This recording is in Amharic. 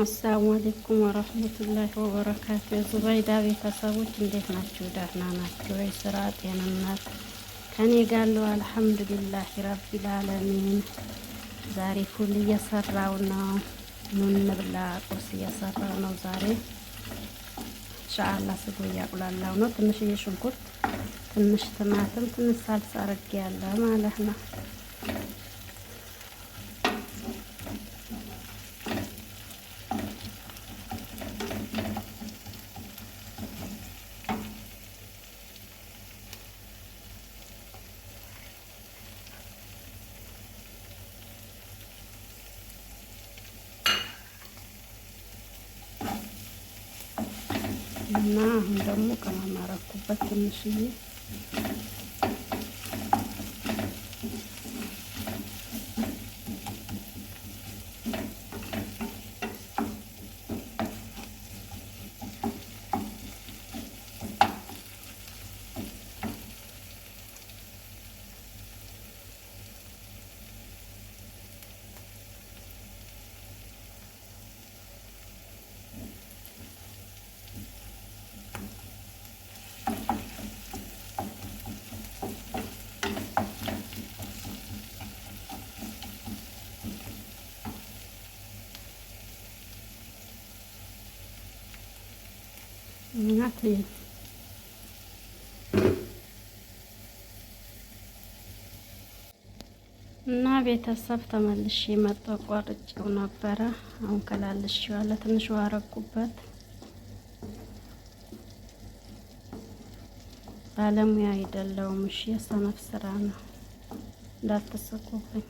አሰላሙ አሌይኩም ወረህመቱላሂ ወበረካቱ። የዙበይዳ ቤተሰቦች እንዴት ናችሁ? ደህና ናችሁ ወይ? ስራ ጤንነት ከኔ ጋለው አልሐምዱሊላህ ረቢል አለሚን። ዛሬ ፉል እየሰራው ነው። ኑን ብላ ቁርስ እየሰራው ነው። ዛሬ ኢንሻአላህ ስጎ እያቁላላው ነው። ትንሽዬ ሽንኩርት፣ ትንሽ ትማትም፣ ትንሽ ሳልሳ አድርጌ ያለ ማለት ነው እና አሁን ደግሞ ቅመም አረኩበት ትንሽዬ እና ቤተሰብ ተመልሼ መጣሁ። ቆርጬው ነበረ አሁን ከላልሼዋለሁ። ትንሽ ውሃ አረኩበት። ባለሙያ አይደለሁም። እሺ የሰነፍ ስራ ነው፣ እንዳትስቁብኝ።